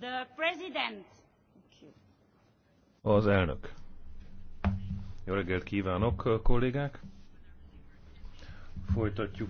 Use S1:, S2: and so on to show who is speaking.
S1: The President.
S2: Az elnök. Jó reggelt kívánok, kollégák! Folytatjuk